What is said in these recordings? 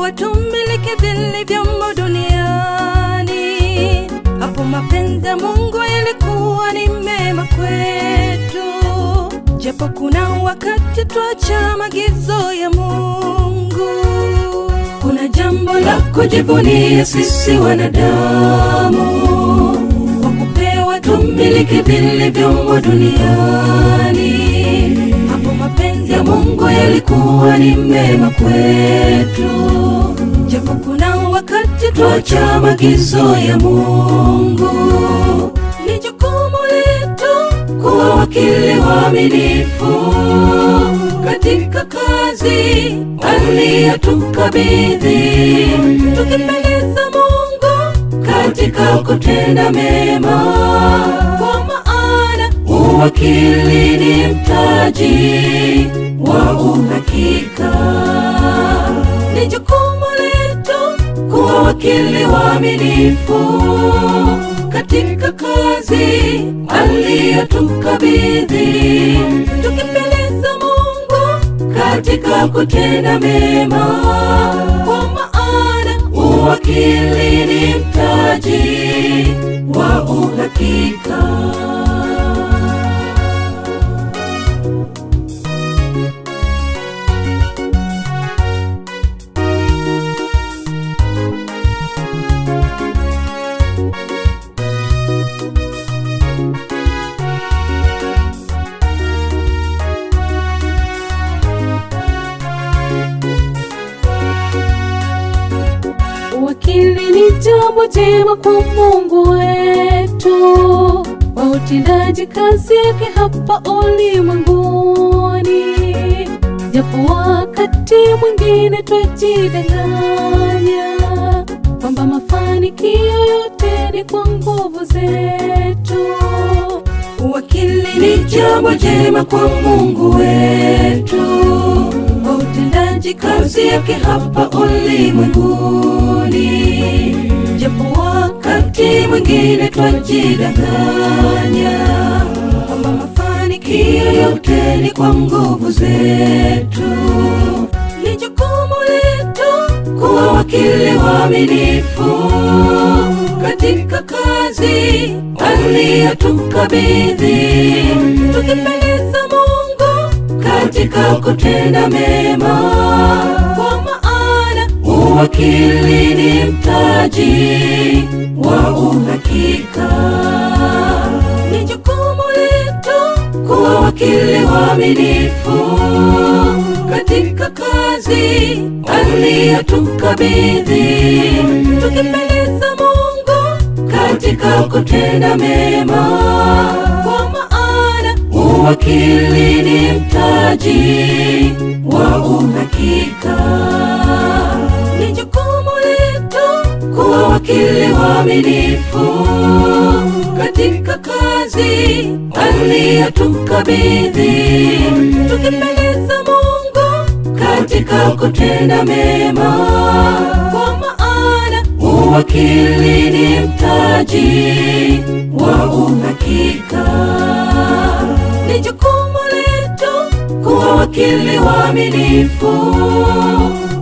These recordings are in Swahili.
Tuwe tumiliki vilivyomo duniani. Hapo mapenzi ya Mungu yalikuwa ni mema kwetu, japo kuna wakati twacha magizo ya Mungu. Kuna jambo la kujivunia sisi wanadamu kwa kupewa tumiliki vilivyomo duniani alikuwa ni mema kwetu, japo kuna wakati tuacha maagizo ya Mungu. Ni jukumu letu kuwa wakili waaminifu katika kazi aliyotukabidhi, tukimpendeza Mungu katika kutenda mema wakili ni mtaji wa uhakika, ni jukumu letu kuwa wakili waaminifu katika kazi aliyotukabidhi, tukipeleza Mungu katika kutenda mema, kwa maana uwakili ni mtaji wa uhakika. jambo jema kwa Mungu wetu wa utendaji kazi yake hapa ulimwenguni, japo wakati mwingine twajidanganya kwamba mafanikio yote ni kwa nguvu zetu. Uwakili ni jambo jema kwa Mungu wetu wa utendaji kazi yake hapa ulimwenguni japo wakati mwingine twajidanganya kwamba mafanikio yote ni kwa nguvu zetu. Ni jukumu letu kuwa wakili waaminifu katika kazi aliyotukabidhi, tukipeleza Mungu katika kutenda mema wakili ni mtaji wa uhakika. Ni jukumu letu kuwa wakili waaminifu katika kazi aliyotukabidhi, tukipeleza Mungu katika kutenda mema, kwa maana uwakili ni mtaji wa uhakika akili waaminifu katika kazi aliyotukabidhi, tukipeleza Mungu katika kutenda mema, kwa maana uwakili ni mtaji wa uhakika. Ni jukumu letu kuwa wakili waaminifu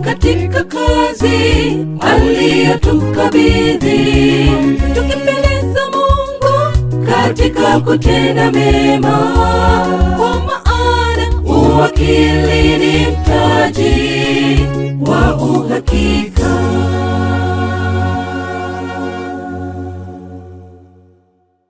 katika kazi aliyotukabidhi, tukipeleza Mungu katika kutenda mema, kwa maana uwakili ni mtaji